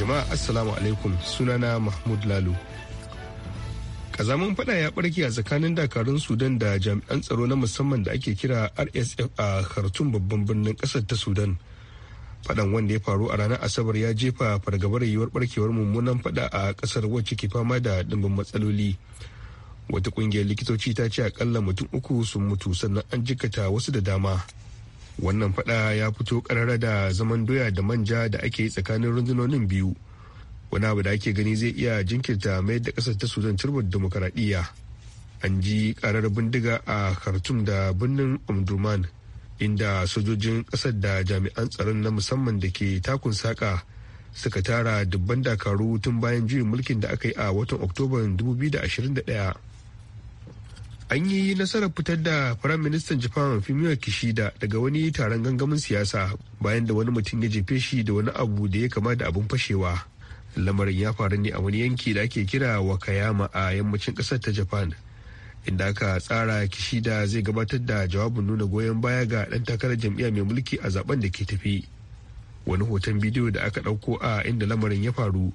jama'a assalamu alaikum sunana mahmud lalu kazamin faɗa ya barke a tsakanin dakarun sudan da jami'an tsaro na musamman da ake kira rsf a khartoum babban birnin kasar ta sudan faɗan wanda ya faru a ranar asabar ya jefa fargabar yiwuwar barkewar mummunan faɗa a kasar wacce ke fama da dimbin matsaloli wata kungiyar likitoci ta ce akalla mutum uku sun mutu sannan an jikata wasu da dama wannan fada ya fito karara da zaman doya da manja da ake yi tsakanin rundunonin biyu wani abu da ake gani zai iya jinkirta mayar da kasar ta sudan turbar demokaradiyya an ji karar bindiga a khartoum da birnin omdurman inda sojojin kasar da jami'an tsaron na musamman da ke takun saka suka tara dubban dakaru tun bayan juyin mulkin da aka yi a watan oktoba 2021 an yi nasarar fitar da firayim ministan japan fumio kishida daga wani taron gangamin siyasa bayan da wani mutum ya jefe shi da wani abu da ya kama da abun fashewa lamarin ya faru ne a wani yanki da ake kira wakayama a yammacin kasar ta japan inda aka tsara kishida zai gabatar da jawabin nuna goyon baya ga dan takarar jam'iya mai mulki a zaben da ke tafi wani hoton bidiyo da aka ɗauko a inda lamarin ya faru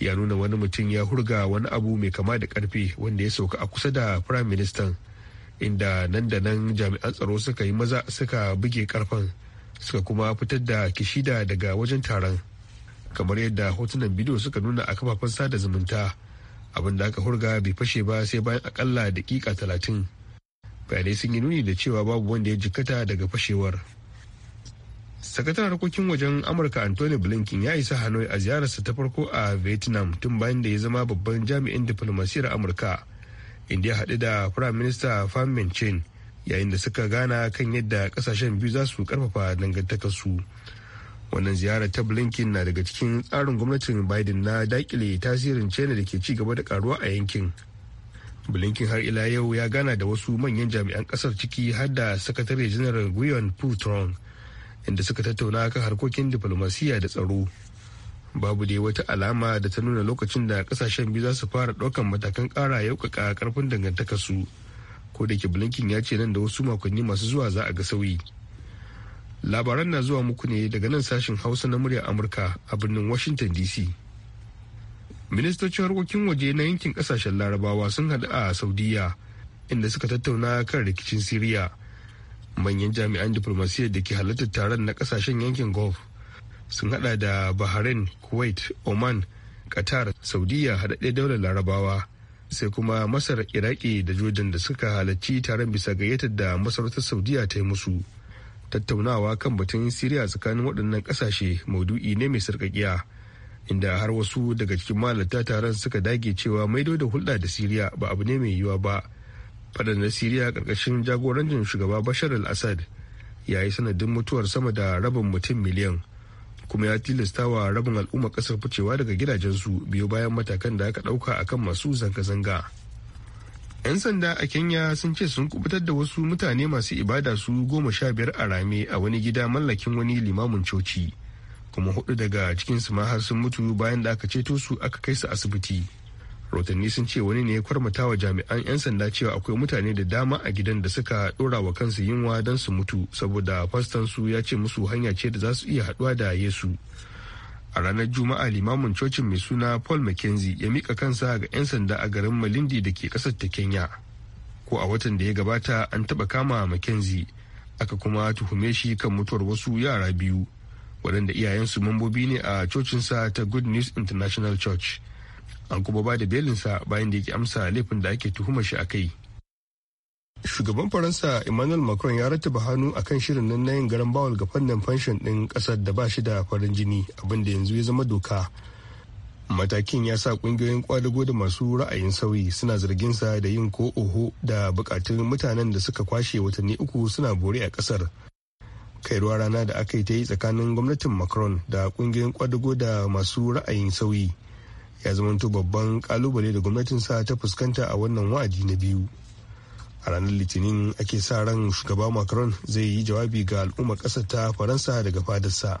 ya nuna wani mutum ya hurga wani abu mai kama da karfe wanda ya sauka a kusa da prime minister inda nan da nan jami'an tsaro suka yi maza suka buge karfen suka kuma fitar da kishida daga wajen taron kamar yadda hotunan bidiyo suka nuna a kafafen sada zumunta abin da aka hurga bai fashe ba sai bayan akalla dakika talatin bayanai sun yi nuni da cewa babu wanda ya jikkata daga fashewar sakataren harkokin wajen amurka anthony blinken ya isa hanoi a ziyararsa ta farko a vietnam tun bayan da ya zama babban jami'in diplomasiyar amurka inda ya haɗu da prime minister pham yayin da suka gana kan yadda kasashen biyu za su karfafa dangantakarsu wannan ziyara ta blinken na daga cikin tsarin gwamnatin biden na dakile tasirin china da ke ci gaba da karuwa a yankin blinken har ila yau ya gana da wasu manyan jami'an kasar ciki har da sakatare janar guion putrong inda suka tattauna kan harkokin diflomasiyya da tsaro babu dai wata alama da ta nuna lokacin da kasashen biyu za su fara ɗaukan matakan ƙara yaukaka karfin dangantakarsu ko da ke blinken ya ce nan da wasu makonni masu zuwa za a ga sauyi labaran na zuwa muku ne daga nan sashin hausa na muryar amurka a birnin washington dc ministocin harkokin waje na yankin kasashen larabawa sun haɗu a saudiya inda suka tattauna kan rikicin siriya manyan jami'an diflomasiyyar da ke halartar taron na kasashen yankin gulf sun hada da bahrain kuwait oman qatar saudiya haɗaɗɗen daular larabawa sai kuma masar iraki da jordan da suka halarci taron bisa gayyatar da masarautar saudiya ta yi musu tattaunawa kan batun siriya tsakanin waɗannan ƙasashe maudu'i ne mai sarƙaƙiya inda har wasu daga cikin malarta taron suka dage cewa maido da hulɗa da siriya ba abu ne mai yiwuwa ba fadar na siriya karkashin jagorancin shugaba bashar al-assad ya yi sanadin mutuwar sama da rabin mutum miliyan kuma ya tilasta wa rabin al'umma kasar ficewa daga gidajensu biyu bayan matakan da aka dauka akan masu zanga-zanga 'yan sanda a kenya sun ce sun kubutar da wasu mutane masu ibada su goma sha biyar a rame a wani gida mallakin wani limamin coci kuma hudu daga cikinsu ma har sun mutu bayan da aka ceto su aka kai su asibiti rotanni sun ce wani ne ya kwarmata wa jami'an 'yan sanda cewa akwai mutane da dama a gidan da suka dora wa kansu yunwa don su mutu saboda fastansu ya ce musu hanya ce da za su iya haɗuwa da yesu a ranar juma'a limamin cocin mai suna paul mckenzie ya mika kansa ga 'yan sanda a garin malindi da ke kasar ta kenya ko a watan da ya gabata an taɓa kama mckenzie aka kuma tuhume shi kan mutuwar wasu yara biyu waɗanda iyayensu mambobi ne a cocinsa ta good news international church an kuma ba da belinsa bayan da yake amsa laifin da ake tuhumar shi a kai. Shugaban Faransa Emmanuel Macron ya rattaba hannu a kan shirin nan na yin garan bawal ga fannin fanshon ɗin ƙasar da ba shi da farin jini abin da yanzu ya zama doka. Matakin ya sa ƙungiyoyin kwadago da masu ra'ayin sauyi suna zargin sa da yin ko oho da buƙatun mutanen da suka kwashe watanni uku suna bore a ƙasar. ruwa rana da aka yi ta yi tsakanin gwamnatin Macron da ƙungiyoyin kwadago da masu ra'ayin sauyi. ya zamanto babban kalubale da gwamnatinsa ta fuskanta a wannan wa'adi na biyu a ranar litinin ake sa ran shugaba macron zai yi jawabi ga al'ummar ƙasar ta faransa daga fadarsa.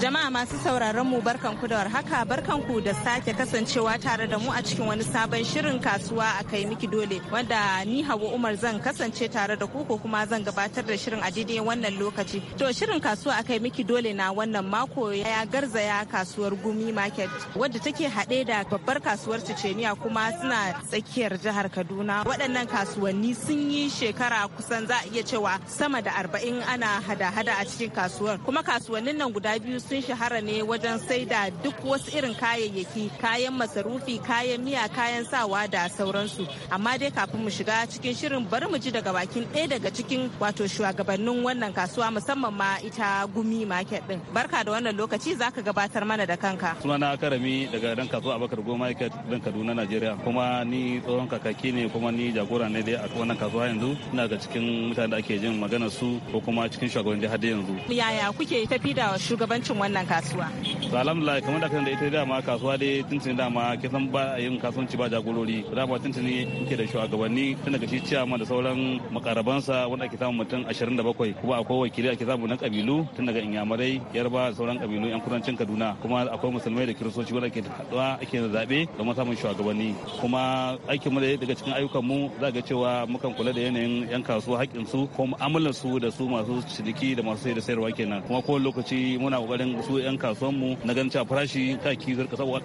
jama'a masu sauraron mu barkanku da warhaka ku da sake kasancewa tare da mu a cikin wani sabon shirin kasuwa a kai miki dole wanda ni hawa umar zan kasance tare da ku ko kuma zan gabatar da shirin a daidai wannan lokaci to shirin kasuwa a kai miki dole na wannan mako ya garzaya kasuwar gumi market wadda take haɗe da babbar kasuwar ceceniya kuma suna tsakiyar jihar kaduna waɗannan kasuwanni sun yi shekara kusan za a iya cewa sama da arba'in ana hada-hada a cikin kasuwa kasuwar kuma kasuwannin nan guda biyu sun shahara ne wajen saida duk wasu irin kayayyaki kayan masarufi kayan miya kayan sawa da sauransu amma dai kafin mu shiga cikin shirin bari mu ji daga bakin ɗaya daga cikin wato shugabannin wannan kasuwa musamman ma ita gumi market din barka da wannan lokaci zaka gabatar mana da kanka sunana karami daga dan kasuwa abakar go market dan kaduna najeriya kuma ni tsohon kakaki ne kuma ni jagora ne dai a wannan kasuwa yanzu ina ga cikin mutane da ake jin maganar su ko kuma cikin shugaban jihar yanzu yaya kuke tafi da shugabancin wannan kasuwa? To alhamdulillah kamar da kan da ita dama kasuwa dai tuntuni dama kisan ba yin kasuwanci ba jagorori da ba tuntuni muke da shugabanni tun daga shi ciyama da sauran makarabansa wanda ake samun mutum 27 kuma akwai wakili ake samu na kabilu tun daga inyamurai yarba da sauran kabilu yan kudancin kaduna kuma akwai musulmai da kiristoci wanda ake haɗuwa ake zaɓe ma samun shugabanni kuma aikin mu daga cikin ayyukan mu za ga cewa mukan kula da yanayin yan kasuwa haƙƙinsu su ko mu'amalar su da su masu ciniki da masu sayar da sayarwa ke kenan kuma kowane lokaci muna kokarin su yan mu na ganin cewa farashi kaki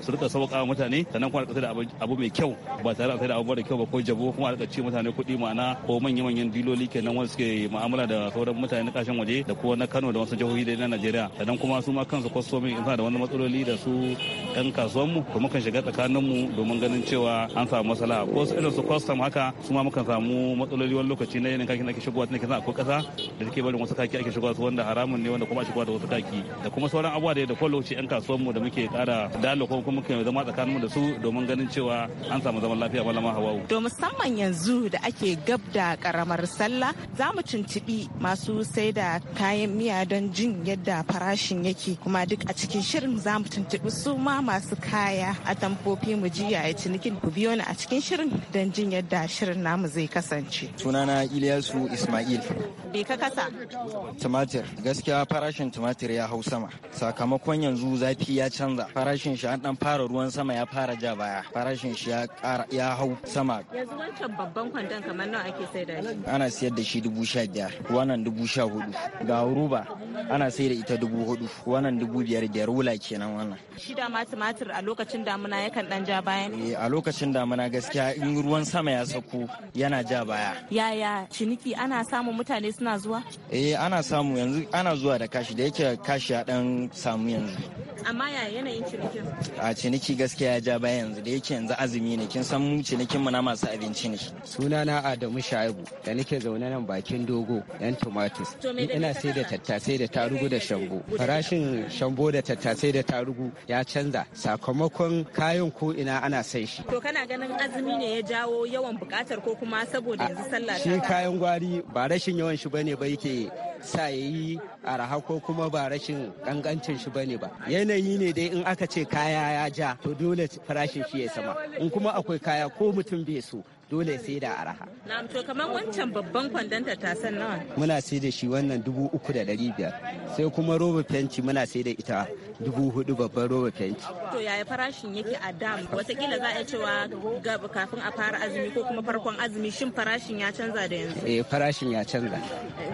su rika sauka mutane sannan kuma rika da abu mai kyau ba tare da sai da abu da kyau ba ko jabo kuma rika ci mutane kuɗi ma'ana ko manya-manyan diloli kenan wanda suke mu'amala da sauran mutane na kashin waje da kuma na Kano da wasu jihohi da na Najeriya sannan kuma su ma kansu kwastomi in da wani matsaloli da su yan mu kuma kan shiga mu domin ganin cewa an samu masala ko su irin su kwastam haka su ma mukan samu matsaloli wani lokaci na yanayin kakin ake shigowa tun kisa ko ƙasa da take barin wasu kaki ake shigowa su wanda haramun ne wanda kuma shigowa da wasu taki da kuma sauran abubuwa da kwallo lokaci yan kasuwanmu da muke kara dalo ko kuma muke zama tsakaninmu da su domin ganin cewa an samu zaman lafiya malama hawa'u. To musamman yanzu da ake gab da karamar sallah za mu tuntubi masu sai da kayan miya don jin yadda farashin yake kuma duk a cikin shirin za mu tuntubi su ma masu kaya a tamfofi mu jiya ya cinikin ku biyo ni a cikin shirin don jin yadda shirin namu zai kasance. Sunana Iliyasu Ismail. me ka kasa tumatir gaskiya farashin tumatir ya hau sama sakamakon yanzu zafi ya canza farashin shi an dan fara ruwan sama ya fara ja baya farashin shi ya hau sama yanzu wancan babban kwandon kamar nawa ake saida shi ana siyar da shi dubu sha biyar wannan dubu sha hudu ga ruba ana sai da ita dubu hudu wannan dubu biyar biyar wula kenan wannan shi ma tumatir a lokacin damuna yakan dan ja baya eh, a lokacin damuna gaskiya in ruwan sama ya sako yana ja baya yaya ciniki ana samun mutane suna zuwa? Eh ana samu yanzu ana zuwa da kashi da yake kashi ya dan samu yanzu. Amma ya yanayin cinikin? A ciniki gaskiya ya ja baya yanzu da yake yanzu azumi ne kin san mu cinikin mu na masu abinci ne. Sunana Adamu Shaibu da nake zaune nan bakin dogo yan tomatis. Ina sai da tattasai da tarugu da shambo. Farashin shambo da tattasai da tarugu ya canza sakamakon kayan ko ina ana sai shi. To kana ganin azumi ne ya jawo yawan bukatar ko kuma saboda yanzu sallah. Shi kayan gwari ba rashin yawan shi bane ba yake sa ya yi araha ko kuma ba rashin kankancin shi bane ba yanayi ne dai in aka ce kaya ya ja to dole farashin shi ya sama in kuma akwai kaya ko mutum bai so dole sai da araha. Na'am to kamar wancan babban kwandon tattasan nawa? Muna sai da shi wannan dubu uku da ɗari biyar. Sai kuma roba fenti muna sai da ita dubu hudu babban roba fenti. To yaya farashin yake a dam? Watakila za a cewa kafin a fara azumi ko kuma farkon azumi shin farashin ya canza da yanzu? Eh farashin ya canza.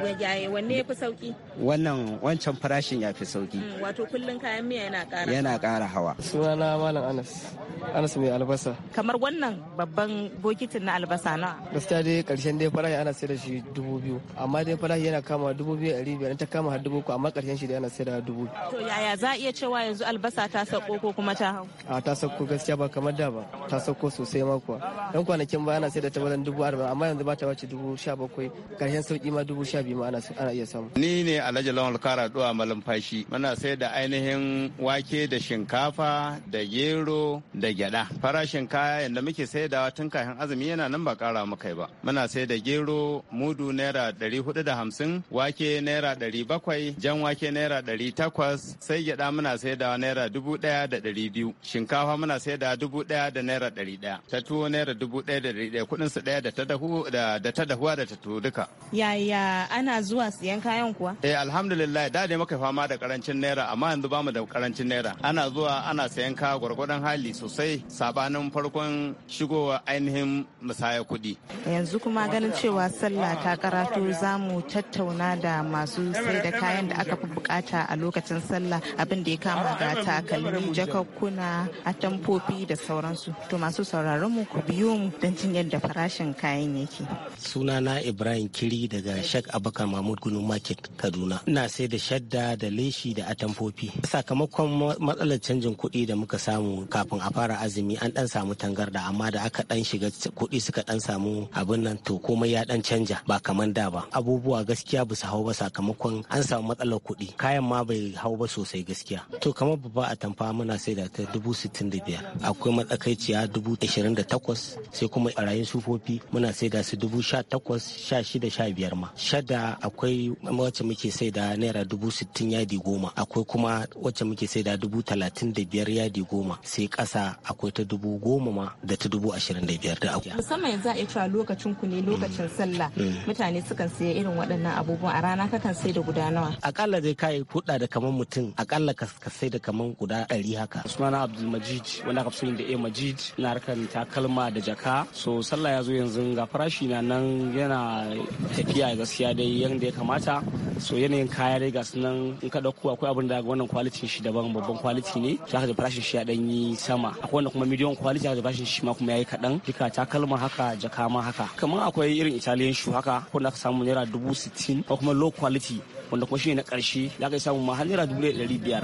Yaya eh, wanne ya fi sauki? Wannan wancan farashin ya fi sauki. Hmm, wato kullum kayan miya yana ƙara. Yana ƙara hawa. Sunana Malam Anas. Anas mai albasa. Kamar wannan babban bokitin na albasa na gaskiya dai karshen dai farashi ana sayar da shi dubu biyu amma dai farashi yana kama dubu biyu ɗari biyar ta kama har dubu uku amma karshen shi dai ana sayar da dubu biyu. to yaya za a iya cewa yanzu albasa ta sauko ko kuma ta hau. a ta sauko gaskiya ba kamar da ba ta sauko sosai ma kuwa Yan kwanakin ba ana sayar da ta wajen dubu arba'in amma yanzu ba ta wace dubu sha bakwai karshen sauki ma dubu sha biyu ma ana iya samu. ni ne alhaji lawan kara duwa malam fashi muna sayar da ainihin wake da shinkafa da gero da gyada farashin kaya yadda muke da tun kafin azumi yana nan ba kara maka ba muna sai da gero mudu naira ɗari hudu da hamsin wake naira ɗari bakwai jan wake naira ɗari takwas sai gyaɗa muna sai da naira dubu ɗaya da ɗari biyu shinkafa muna sai da dubu ɗaya da naira ɗari ɗaya ta tuwo naira dubu ɗaya da ɗari ɗaya kuɗin su ɗaya da ta dahu da ta dahuwa da ta tuwo duka. yaya ana zuwa siyan kayan kuwa. eh alhamdulillah da dai muka fama da karancin naira amma yanzu bamu da karancin naira ana zuwa ana sayan kaya gwargwadon hali sosai sabanin farkon shigowa ainihin musaya kuɗi. Yanzu kuma ganin cewa sallah ta karatu, za mu tattauna da masu sai da kayan da aka fi bukata a lokacin sallah abin da ya kama da takalmi jakakkuna atamfofi da sauransu. To masu sauraron mu ku biyo mu don jin yadda farashin kayan yake. Sunana Ibrahim Kiri daga Shek Abaka Mahmud Gunu Market Kaduna. Ina sai da shadda da leshi da atamfofi. Sakamakon matsalar canjin kuɗi da muka samu kafin a fara azumi an ɗan samu tangarda amma da aka ɗan shiga kuɗi suka dan samu abin nan to komai ya dan canja ba kamar da ba abubuwa gaskiya ba su hau ba sakamakon an samu matsalar kuɗi kayan ma bai hau ba sosai gaskiya to kamar babba a tamfa muna sai da ta dubu sittin da biyar akwai matsakaiciya dubu ashirin da takwas sai kuma ɓarayin sufofi muna sai da su dubu sha takwas sha shida sha biyar ma shada akwai wacce muke sai da naira dubu sittin yadi goma akwai kuma wacce muke sai da dubu talatin da biyar yadi goma sai ƙasa akwai ta dubu goma ma da ta dubu ashirin da biyar da musamman yanzu a cewa lokacin ku ne lokacin sallah mm. mutane sukan siya irin waɗannan abubuwan a rana kakan sai da guda nawa akalla dai kai kuɗa da kaman mutum akalla ka sai da kaman guda ɗari haka usmana abdul majid wanda aka fi da a majid na harkar takalma da jaka so sallah ya zo yanzu ga farashi na nan yana tafiya gaskiya dai yanda ya kamata so yanayin kaya dai ga sunan in ka dauko akwai abin da wannan kwaliti shi daban babban kwaliti ne za ka da farashin shi ya dan yi sama akwai wanda kuma miliyon kwaliti za ka da farashin shi ma kuma yayi kadan duka takalma ma haka jaka ma haka kamar akwai irin italian shu haka ko na ka samu naira dubu sittin ko kuma low quality wanda kuma shi ne na karshe da aka yi samun har naira dubu ɗari biyar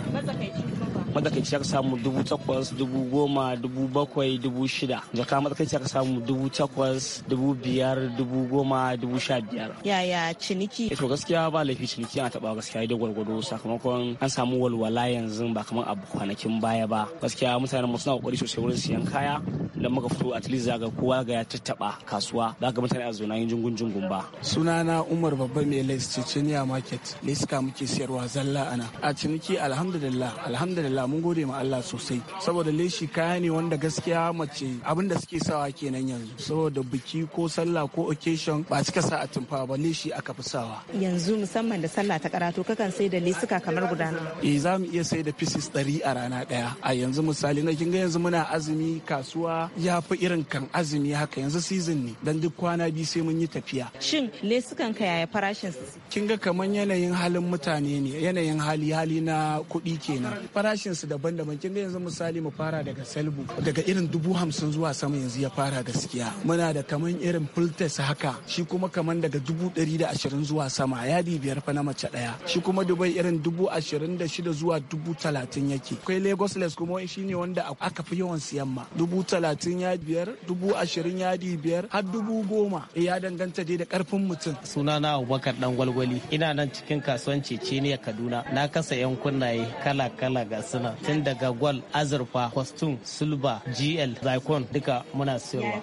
matsakaici aka samu dubu takwas dubu goma dubu bakwai dubu shida jaka matsakaici aka samu dubu takwas dubu biyar dubu goma dubu sha biyar yaya ciniki Eto eh gaskiya ba laifi ciniki ana taɓa gaskiya da gwargwado sakamakon an samu walwala yanzu ba kamar abu kwanakin baya ba gaskiya mutanen mu suna ƙoƙari sosai wurin siyan kaya da muka fito at least zaga kowa ga ya tattaɓa kasuwa za ga mutane a zona yin jungun jungun ba sunana umar babban mai lais cecenia market ne suka muke siyarwa zalla ana a ciniki alhamdulillah alhamdulillah mun gode ma Allah sosai saboda leshi kaya ne wanda gaskiya mace abin da suke sawa kenan yanzu saboda biki ko sallah ko occasion ba cika sa a tumfa ba leshi aka fi sawa yanzu musamman da sallah ta karatu kakan sai da lesuka kamar guda eh za mu iya sai da pieces ɗari a rana ɗaya a yanzu misali na kin ga yanzu muna azumi kasuwa ya fi irin kan azumi haka yanzu season ne dan duk kwana biyu sai mun yi tafiya shin lesukan ka yaya farashin kin ga kamar yanayin yanayin halin mutane ne yanayin hali hali na kuɗi kenan farashin su daban-daban kin yanzu misali mu fara daga selbu daga irin dubu hamsin zuwa sama yanzu ya fara gaskiya muna da kaman irin fultes haka shi kuma kaman daga dubu ɗari da ashirin zuwa sama yadi biyar fa na mace ɗaya shi kuma dubai irin dubu ashirin da shida zuwa dubu talatin yake akwai lagos les kuma shi ne wanda aka fi yawan siyan ma dubu talatin ya biyar dubu ashirin yadi biyar har dubu goma ya danganta dai da karfin mutum sunana abubakar dan gwalgwali ina nan cikin cikin kasuwan ceceniya kaduna na kasa yan kunnaye kala kala ga suna tun daga gwal azurfa kwastun sulba gl zaikon duka muna siyarwa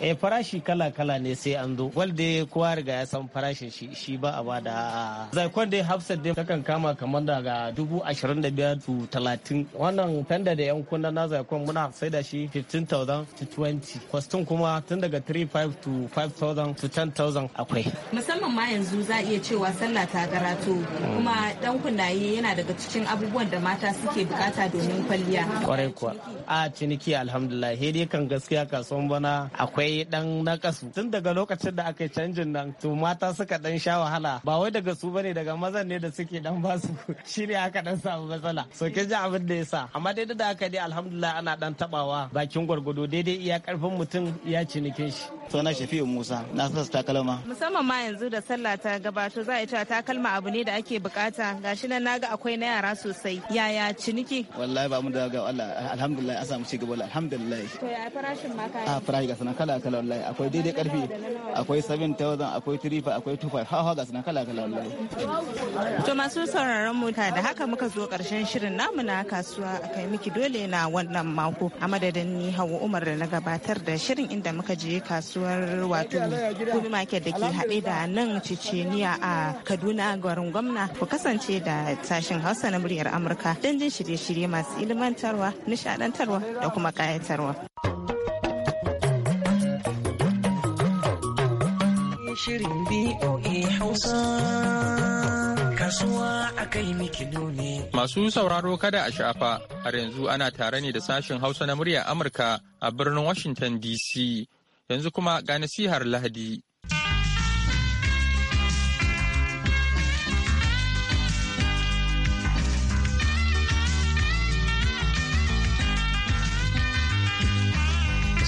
e farashi kala kala ne sai an zo gwal dai kowa riga ya san farashin shi shi ba a ba da zaikon dai hafsat dai takan kama kamar daga dubu ashirin da biyar to talatin wannan tanda da yan kunna na zaikon muna sai da shi thousand to twenty. kwastun kuma tun daga three five to five thousand. to ten thousand. akwai musamman ma yanzu za a iya cewa sallah ta karatu kuma dan kunnaye yana daga cikin abubuwan da mata suke bukata domin kwalliya kwarai kuwa a ciniki alhamdulillah he dai kan gaskiya kasuwan bana akwai dan nakasu tun daga lokacin da aka canjin nan to mata suka dan sha wahala ba wai daga su bane daga mazan ne da suke dan basu shine aka dan samu matsala so ke ji abin da yasa amma dai da aka dai alhamdulillah ana dan tabawa bakin gwargwado daidai iya karfin mutum iya cinikin shi suna shafi'u musa na sassa takalma musamman ma yanzu da sallah ta gabato za a ta takalma abu ne da ake bukata gashi nan naga akwai na yara sosai yaya ciniki wallahi ba mu da ga Allah alhamdulillah an samu cigaba wallahi alhamdulillah to ya farashin ma kai a ah, farashi ga sanan kala kala wallahi akwai daidai karfi akwai 7000 akwai 35 akwai 25 ha ha ga sanan kala kala wallahi to masu sauraron mu da haka muka zo karshen shirin namu na kasuwa akai miki dole na wannan mako a madadin ni hawa Umar da na gabatar da shirin inda muka je kasuwar wato Kumi Market da ke haɗe da nan Ciceniya a Kaduna garin gwamna ku kasance da sashen Hausa na muryar Amurka don jin shirye-shirye masu ilmantarwa, nishadantarwa da kuma kayatarwa. Shirin BOA Hausa. kasuwa a kai Masu sauraro kada a shafa, har yanzu ana tare ne da sashen Hausa na murya Amurka a birnin Washington DC. Yanzu kuma ga nasihar Lahadi.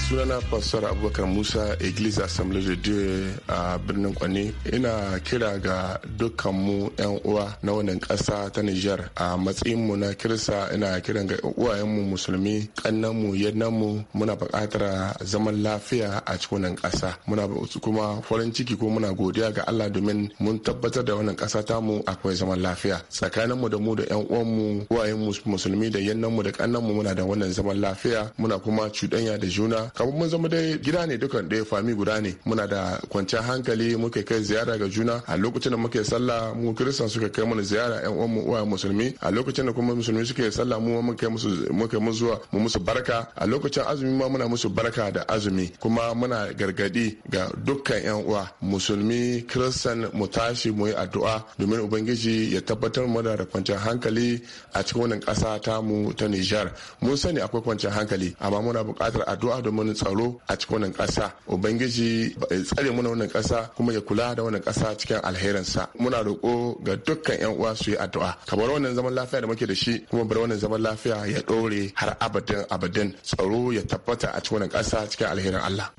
sunana pastor abubakar musa iglesia assembly da a birnin kwane ina kira ga dukkan mu yan uwa na wannan ƙasa ta nijar a matsayin mu na kirsa ina kiran ga uwayen mu musulmi kannan mu yannan mu muna bukatar zaman lafiya a cikin wannan ƙasa muna kuma farin ciki ko muna godiya ga Allah domin mun tabbatar da wannan kasa ta mu akwai zaman lafiya tsakanin mu da mu da yan uwan mu uwayen mu musulmi da yannan mu da kannan mu muna da wannan zaman lafiya muna kuma cuɗanya da juna kamar mun zama dai gida ne dukan ɗaya fami guda ne muna da kwanciyar hankali muke kai ziyara ga juna a lokacin da muke sallah mu kiristan suka kai mana ziyara yan uwan mu uwa musulmi a lokacin da kuma musulmi suke sallah mu mun kai musu mu zuwa mu musu barka a lokacin azumi ma muna musu barka da azumi kuma muna gargadi ga dukkan yan uwa musulmi kiristan mu tashi mu yi addu'a domin ubangiji ya tabbatar mu da kwanciyar hankali a cikin wannan ƙasa ta mu ta Nijar mun sani akwai kwanciyar hankali amma muna buƙatar addu'a domin wani tsaro a cikin wannan ƙasa ubangiji ya tsare muna wannan ƙasa kuma ya kula da wannan ƙasa cikin alherinsa muna roƙo ga dukkan yan uwa su yi addu'a ka bar wannan zaman lafiya da muke da shi kuma bar wannan zaman lafiya ya ɗore har abadin abadin tsaro ya tabbata a cikin wannan ƙasa cikin alherin Allah.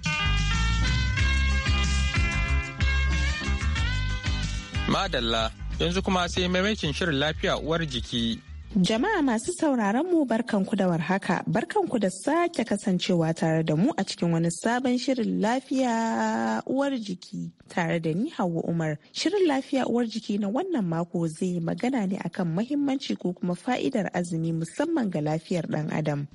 Madalla yanzu kuma sai maimakin shirin lafiya uwar jiki Jama'a masu sauraron mu barkanku da warhaka, barkanku da sake kasancewa tare da mu a cikin wani sabon shirin lafiya uwar jiki tare da ni Hauwa Umar. Shirin lafiya uwar jiki na wannan mako zai yi magana ne akan mahimmanci ko kuma fa'idar azumi musamman ga lafiyar ɗan adam.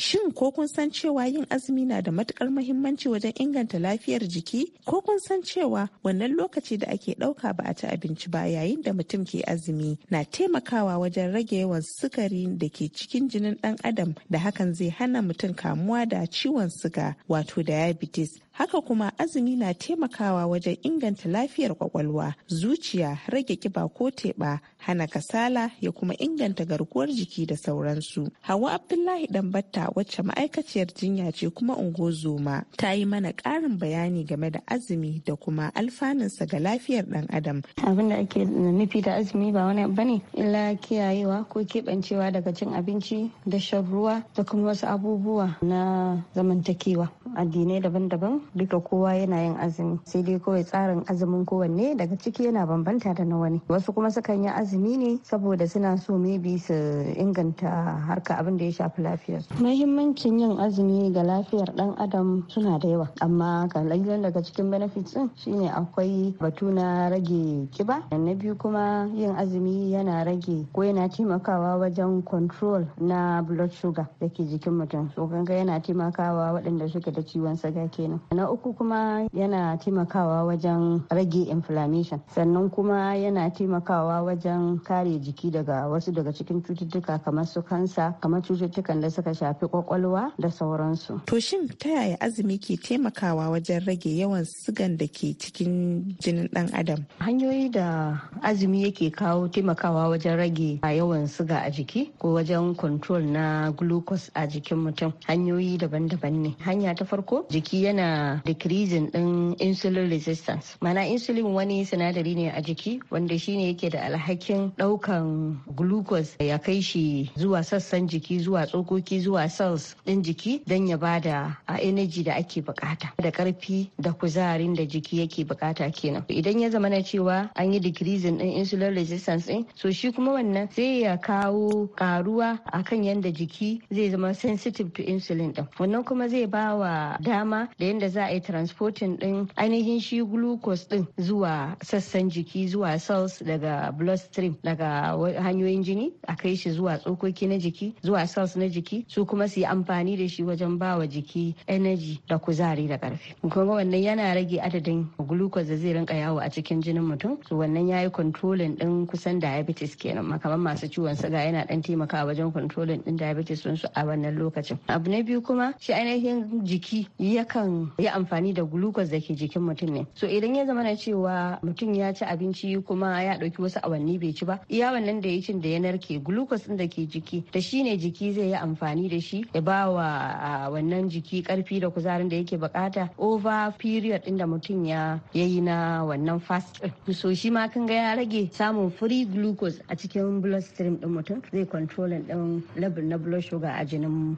Shin ko kun san cewa yin azumi na da matukar muhimmanci wajen inganta lafiyar jiki? Ko kun san cewa wannan lokaci da ake ɗauka ba a ci abinci ba yayin da mutum ke azumi na taimakawa wajen rage yawan sukari da ke cikin jinin ɗan adam da hakan zai hana mutum kamuwa da ciwon suga wato diabetes haka kuma azumi na taimakawa wajen inganta lafiyar kwakwalwa zuciya rage kiba ko teɓa hana kasala ya kuma inganta garkuwar jiki da sauransu hawa abdullahi dambatta wacce ma'aikaciyar jinya ce kuma ungozoma ta yi mana ƙarin bayani game da azumi da kuma alfanunsa ga lafiyar ɗan adam abinda ake nufi da azumi ba wani bane illa kiyayewa ko keɓancewa daga cin abinci da shan ruwa da kuma wasu abubuwa na zamantakewa addinai daban-daban duka kowa yana yin azumi sai dai kawai tsarin azumin kowanne daga ciki yana bambanta da na wani wasu kuma sukan yi azumi ne saboda suna so maybe su inganta harka abin da ya shafi lafiyar muhimmancin yin azumi ga lafiyar dan adam suna da yawa amma kalilan daga cikin benefits din shine akwai batu na rage kiba na biyu kuma yin azumi yana rage ko yana taimakawa wajen control na blood sugar da ke jikin mutum so ganga yana taimakawa waɗanda suke da ciwon saga kenan na uku kuma yana taimakawa wajen rage inflammation sannan kuma yana taimakawa wajen kare jiki daga wasu daga cikin cututtuka kamar su kansa kamar cututtukan da suka shafi kwakwalwa da sauransu to shin ta yaya azumi ke taimakawa wajen rage yawan sigan da ke cikin jinin dan adam hanyoyi da azumi yake kawo taimakawa wajen rage yawan siga a jiki ko wajen control na glucose a jikin mutum hanyoyi daban-daban ne hanya ta farko jiki yana decreasing din insulin resistance mana insulin wani sinadari ne a jiki wanda shine yake da alhakin daukan glucose ya kai shi zuwa sassan jiki zuwa tsokoki zuwa cells din jiki don ya bada a energy da ake bukata da karfi da kuzarin da jiki yake bukata kenan idan ya zama na cewa an yi decreasing din insulin resistance din so shi kuma wannan sai ya kawo karuwa akan yadda jiki zai zama sensitive to insulin din wannan kuma zai ba wa dama da yanda yadda za a yi transporting din ainihin shi glucose din zuwa sassan jiki zuwa cells daga bloodstream daga hanyoyin jini a kai shi zuwa tsokoki na jiki zuwa cells na jiki su kuma su yi amfani da shi wajen ba wa jiki energy da kuzari da karfi kuma wannan yana rage adadin glucose da zai rinka yawo a cikin jinin mutum so wannan ya yi controlling din kusan diabetes kenan makaman masu ciwon suga yana dan taimakawa wajen controlling din diabetes sun su a wannan lokacin abu na biyu kuma shi ainihin jiki yakan yi amfani da glucose da ke jikin mutum ne so idan ya zama na cewa mutum ya ci abinci kuma ya ɗauki wasu awanni bai ci ba iya wannan da ya cin da ya narke glucose ɗin da ke jiki da shi ne jiki zai yi amfani da shi ya ba wa wannan jiki karfi da kuzarin da yake bukata over period din da mutum ya yayi na wannan fast so shi ma kin ga ya rage samun free glucose a cikin blood stream din mutum zai control din level na blood sugar a jinin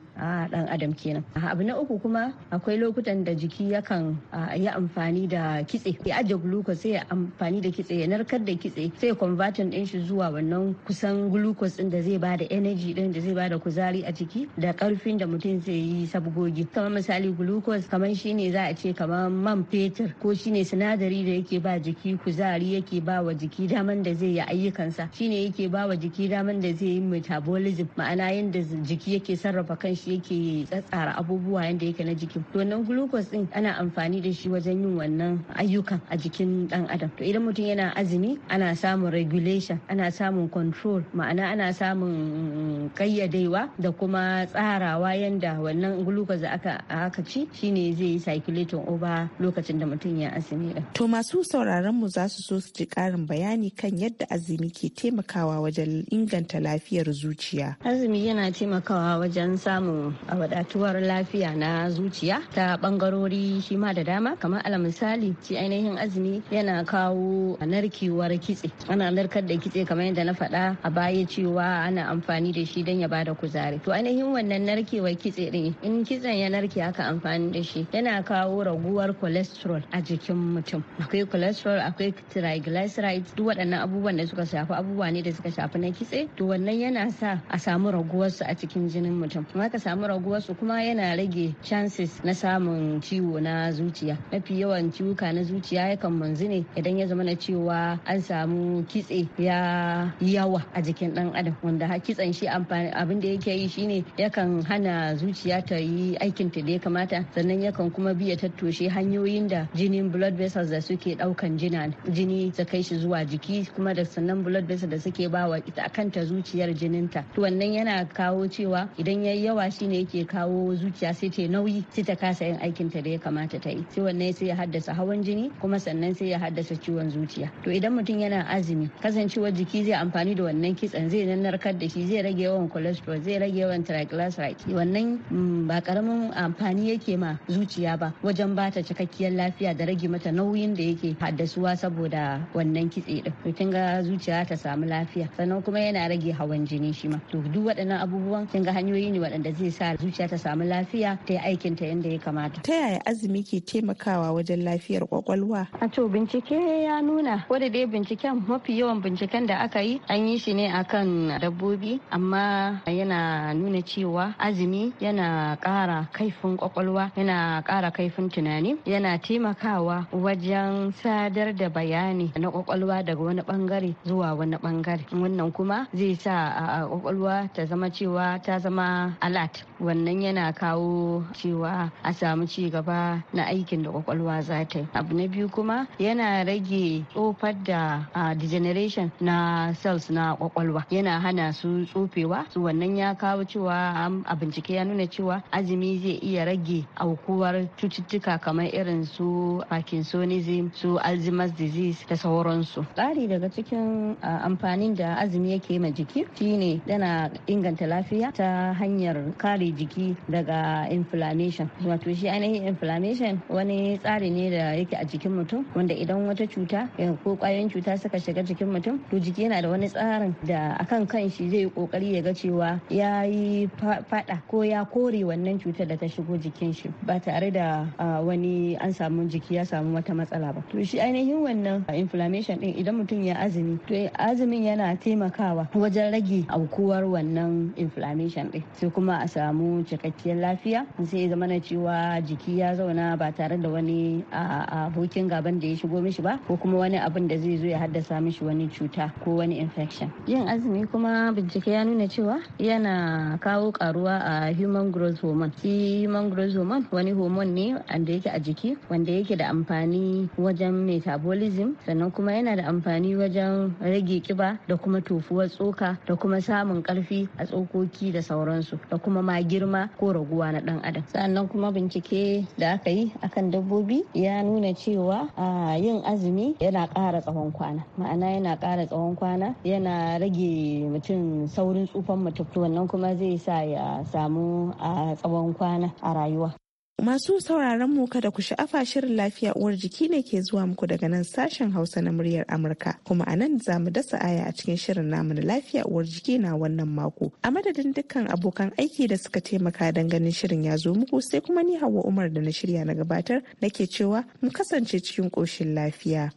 dan adam kenan abu na uku kuma akwai lokutan da jiki jiki yakan yi amfani da kitse ya ajiye glucose sai ya amfani da kitse ya narkar da kitse sai convertin din shi zuwa wannan kusan glucose din da zai ba da energy din da zai ba da kuzari a jiki da karfin da mutum zai yi sabgogi kamar misali glucose kamar shine za a ce kamar man fetur ko shine sinadari da yake ba jiki kuzari yake ba wa jiki daman da zai yi ayyukansa shine yake ba wa jiki daman da zai yi metabolism ma'ana yadda jiki yake sarrafa kanshi yake tsatsara abubuwa yadda yake na jiki to nan glucose ana amfani da shi wajen yin wannan ayyukan a jikin dan adam to idan mutum yana azumi ana samun regulation ana samun control ma'ana ana samun kayyadewa da kuma tsarawa yanda wannan glucose aka aka ci shine zai yi circulating over lokacin da mutum ya azumi to masu sauraron mu za su so su ji karin bayani kan yadda azumi ke taimakawa wajen inganta lafiyar zuciya azumi yana taimakawa wajen samun wadatuwar lafiya na zuciya ta bangarori wuri shi ma da dama kamar ala misali shi ainihin azumi yana kawo narkewar kitse ana narkar da kitse kamar yadda na faɗa a baya cewa ana amfani da shi don ya bada kuzari to ainihin wannan narkewar kitse din in kitsen ya narke aka amfani da shi yana kawo raguwar cholesterol a jikin mutum akwai cholesterol akwai triglycerides duk waɗannan abubuwan da suka shafi abubuwa ne da suka shafi na kitse to wannan yana sa a samu raguwarsu a cikin jinin mutum kuma ka samu raguwarsu kuma yana rage chances na samun ciwo ciwo na zuciya mafi yawan ciwuka na zuciya yakan manzu ne idan ya zama na cewa an samu kitse ya yawa a jikin dan adam wanda kitsen shi amfani abin da yake yi shine yakan hana zuciya ta yi aikin ta da ya kamata sannan yakan kuma biya tattoshe hanyoyin da jinin blood vessels da suke daukan jina jini ta kai shi zuwa jiki kuma da sannan blood vessels da suke bawa ita kanta zuciyar jininta to wannan yana kawo cewa idan yayi yawa shine yake kawo zuciya sai ta nauyi sai ta kasa yin aikin ta da da ya kamata ta yi sai wannan sai ya haddasa hawan jini kuma sannan sai ya haddasa ciwon zuciya to idan mutum yana azumi kasancewar jiki zai amfani da wannan kitsen zai narkar da shi zai rage yawan cholesterol zai rage yawan triglycerides wannan mm, ba karamin amfani yake ma zuciya ba wajen ba ta cikakkiyar lafiya da rage mata nauyin da yake haddasuwa saboda wannan kitse din to kin ga zuciya ta samu lafiya sannan kuma yana rage hawan jini shi ma to duk waɗannan abubuwan kin ga hanyoyi ne waɗanda zai sa zuciya ta samu lafiya ta yi aikin ta yanda ya kamata ta yaya azumi ke taimakawa wajen lafiyar kwakwalwa? A to bincike ya nuna wadda dai binciken mafi yawan binciken da aka yi an yi shi ne akan dabbobi amma yana nuna cewa azumi yana ƙara kaifin kwakwalwa yana ƙara kaifin tunani yana taimakawa wajen sadar da bayani na kwakwalwa daga wani bangare zuwa wani bangare wannan kuma zai sa kwakwalwa ta zama cewa ta zama alat wannan yana kawo cewa a samu ci gaba gaba na aikin da kwakwalwa za ta yi abu na biyu kuma yana rage tsofar da degeneration na cells na kwakwalwa yana hana su tsofewa su wannan ya kawo cewa a bincike ya nuna cewa azumi zai iya rage aukuwar cututtuka kamar irin su parkinsonism su alzheimer's disease da sauransu ƙari daga cikin amfanin da azumi yake ma jiki shine yana inganta lafiya ta hanyar kare jiki daga inflammation wato shi ainihin inflammation wani tsari ne da yake a jikin mutum wanda idan wata cuta eh, ko kwayoyin cuta suka shiga jikin mutum to jiki yana da wani tsarin da akan kan shi zai kokari ya ga cewa ya yi fada ko ya kore wannan cutar da ta shigo jikin shi ba tare da wani an samu jiki ya samu wata matsala ba to shi ainihin wannan inflammation din idan mutum ya azumi to eh, azumin yana taimakawa wajen rage aukuwar wannan inflammation din sai kuma a samu cikakkiyar lafiya sai ya zama na cewa jiki ya zauna ba tare da wani abokin gaban da ya shigo mishi ba ko kuma wani abin da zai zo ya haddasa mishi wani cuta ko wani infection yin azumi kuma bincike ya nuna cewa yana kawo karuwa a human growth hormone shi human growth hormone wani hormone ne wanda yake a jiki wanda yake da amfani wajen metabolism sannan kuma yana da amfani wajen rage kiba da kuma tofuwar tsoka da kuma samun karfi a tsokoki da sauransu da kuma ma girma ko raguwa na dan adam sannan kuma bincike da aka yi akan dabbobi ya nuna cewa yin azumi yana ƙara tsawon kwana ma'ana yana ƙara tsawon kwana yana rage mutum saurin tsufan mutum wannan kuma zai sa ya samu a tsawon kwana a rayuwa Masu sauraron mu kada ku sha'afa shirin lafiya uwar jiki ne ke zuwa muku daga nan sashen Hausa na muryar Amurka. Kuma a nan za mu dasa aya a cikin shirin namu na lafiya uwar jiki na wannan mako. A madadin dukkan abokan aiki da suka taimaka don ganin shirin ya zo muku sai kuma ni Hauwa Umar da na shirya na gabatar nake cewa mu kasance cikin koshin lafiya.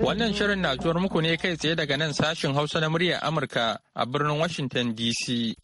Wannan shirin na zuwar muku ne kai tsaye daga nan sashen Hausa na muryar Amurka a birnin Washington DC.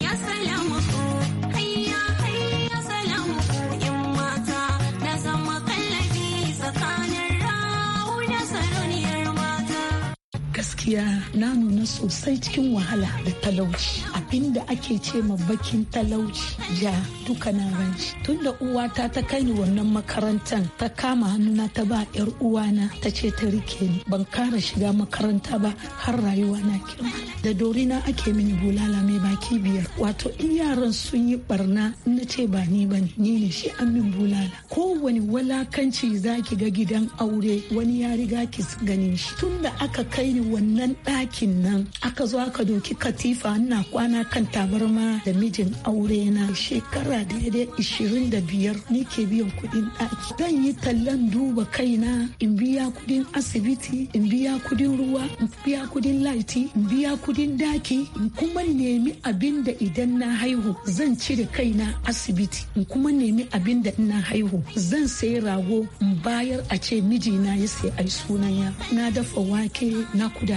gaskiya na nuna sosai cikin wahala da talauci abinda ake ce ma bakin talauci ja duka na ranci tunda uwata ta kai ni wannan makarantar ta kama hannuna ta ba yar uwana ta ce ta rike ni ban kara shiga makaranta ba har rayuwa na kira da dorina ake mini bulala mai baki biyar wato in yaran sun yi barna na ce ba ni ba ni ne shi an min bulala kowane walakanci zaki ga gidan aure wani ya riga ki ganin shi tunda aka kai ni wannan nan ɗakin nan aka zo aka doki katifa ina kwana kan tabarma da mijin aure na shekara da ya ishirin da biyar ni ke biyan kudin ɗaki zan yi tallan duba kaina in biya kudin asibiti in biya kudin ruwa in biya kudin laiti in biya kudin daki in kuma nemi abin da idan na haihu zan cire kaina asibiti in kuma nemi abin da ina haihu zan sayi rago in bayar a ce mijina ya sai ai sunan ya na dafa wake na kuda